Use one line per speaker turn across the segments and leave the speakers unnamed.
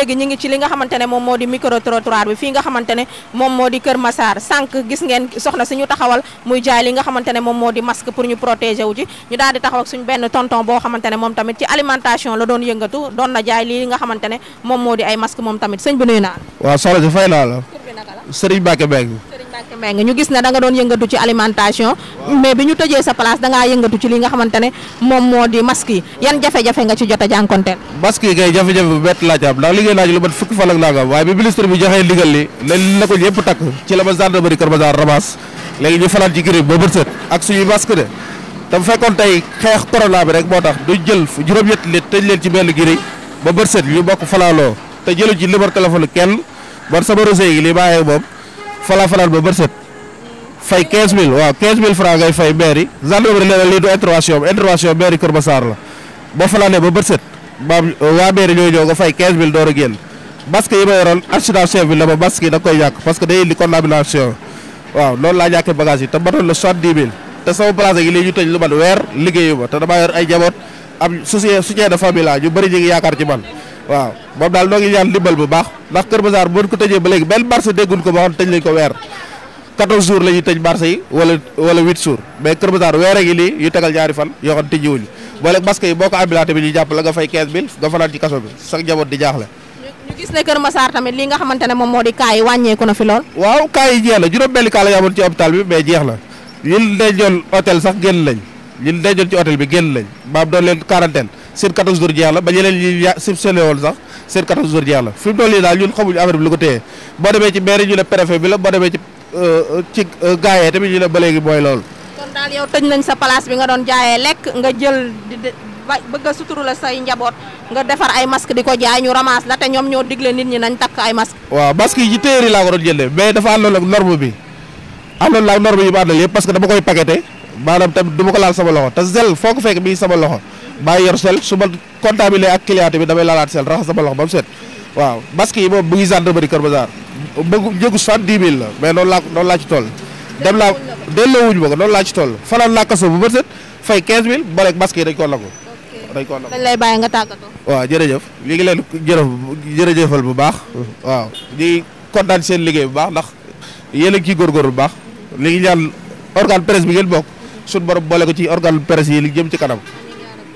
léegi ñi ngi ci li nga xamante ne moom moo di micro bi fii nga xamante ne moom moo di Kër Massar sànq gis ngeen soxna si ñu taxawal muy jaay li nga xamante ne moom moo di masque pour ñu protéger wu ci ñu daal di taxaw ak suñu benn tonton boo xamante moom tamit ci alimentation la doon yëngatu doon na jaay lii nga xamante ne moom moo di ay masque moom tamit sëñ bi nuyu naa
la waaw fay naa la Serigne Mbacke
Mbacke Mbengue ñu gis ne da doon yëngatu ci alimentation mais bi ñu tëjee sa place da ngaa ci li nga xamante moom moo di masque yi yan jafe-jafe nga ci jot a jànkonteel
masque yi kay jafe-jafe bu bett laa am ndax li ngay lu mat takk ci la ma gendarmerie Kër Massar ramas léegi ñu falaat ci grippe ba bët set ak suñuy masque de te bu fekkoon tey rek moo tax du jël juróom-ñetti nit tëj leen ci benn giri ba bët set ñu bokk falaaloo te jëlu fala fanaan ba bët set fay 15000 waaw 15000 francs ngay fay mairie gendarmerie nee na lii du intervention intervention mairie la boo fanaanee ba bët set maam waa mairie ñooy ñëw nga fay 15000 door a génn masque yi ma yoroon accident chef ma masque yi da koy ñàkk parce que day indi contamination waaw loolu laa ñàkkee bagage yi te matoon na 70000 te sama place gi lii ñu tëj lu man weer liggéeyu te damaa yor ay jaboot am soutien soutien de ndax Bazar buñ ko tejé ba légui benn marché déggul ko ba xam tëj lañ ko wér 14 jours la tej tëj marché yi wala wala 8 jours mais Kër Bazar wér ak li yu tégal jaari fan yo yoo xam tëjjiwuñu boole masque yi boo ko ambilaa tamit ñu japp la nga fay 15000 nga fanaan ci kaso bi sax jabot di jaxlé
ñu gis né Kër Massar tamit li nga xamante ne moom moo di cas yi wàññeeku na fi lool.
waaw kay yi jeex na juróom benn la yamoon ci hôpital bi mais jeex na ñun hôtel sax génn lañ ñun dañu ci hôtel bi génn lañ maam do leen quarantaine seen 14 jours jeex ba ñu leen ya soupçonné woon sax seen 14 jours jeex la fi dal ñun xamuñu affaire bi lu ko téye bo demee ci maire ñu ne préfet bi la bo demee ci euh, euh, ci euh, gaayé tamit ñu ne ba légui boy lool
kon dal yow tëj nañ sa place bi nga doon jaayé lek nga jël bëgg suturu la say njabot nga défar ay masque diko jaay ñu ramass la té ñom ñoo diglé nit ñi nañ tak ay masque
wa masque yi ci téeri laa ko doon jëlé bé dafa àndoon ak norme bi àndoon la norme yi ba àndal yëpp parce que dama koy paqueté manam tam duma ko laal sama loxo te zel foko ko fekk bii sama loxo bàyyi yor sel su ma comptabiliser ak client bi damay laalaat sel raxas sama loxo ba mu set waaw masque yi moom bu ngi gendarmerie Kër Massar laa noonu laa ci laa delloowuñu ma ko noonu laa ci toll fanaan laa kaso bu bët set fay quinze mille ba rek masque yi dañ koo nangu dañ koo
nangu dañ lay bàyyi nga tàggatoo
waaw jërëjëf li ngi leen jërëf jërëjëfal bu baax waaw ñi kontaan seen liggéey bu baax ndax yéen a ngi ciy góorgóorlu bu baax li ngi ñaan organe presse bi ngeen bokk suñu borom boole ci organe presse yi li jëm ci kanam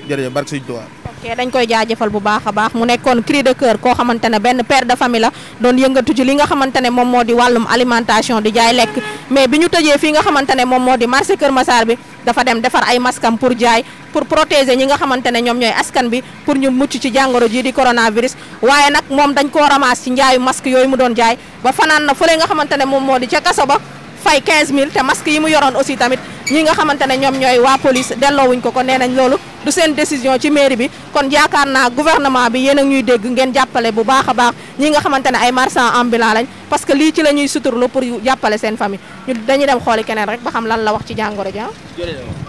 Oke, barke seigne touba ok
dañ koy jaajeufal bu baax baax mu nekkoon cri de cœur ko xamantene ben père de famille la doon yëngatu ci li nga xamantene mom modi walum di alimentation di jaay lek mais biñu ñu fi nga xamantene mom modi marché cœur Massar bi dafa dem defar ay maskam pour jaay pour protéger ñi nga xamantene ñom ñoy askan bi pour ñu mucc ci jangoro ji di coronavirus waye nak mom dañ ko ramass ci jaay masque yoy mu doon jaay ba fanan na fele nga xamantene mom modi di ca kaso ba fay 15000 te masque yi mu yoron aussi tamit ñi nga xamante ne ñoom ñooy waa police delloowuñ ko ko nee nañ loolu du seen décision ci mairie bi kon yaakaar naa gouvernement bi yéen a ñuy dégg ngeen jàppale bu baax a baax ñi nga xamante ne ay marchands ambulants lañ parce que lii ci la ñuy suturlu pour jàppale seen famille ñu dañuy dem xooli keneen rek ba xam lan la wax ci jàngoro ja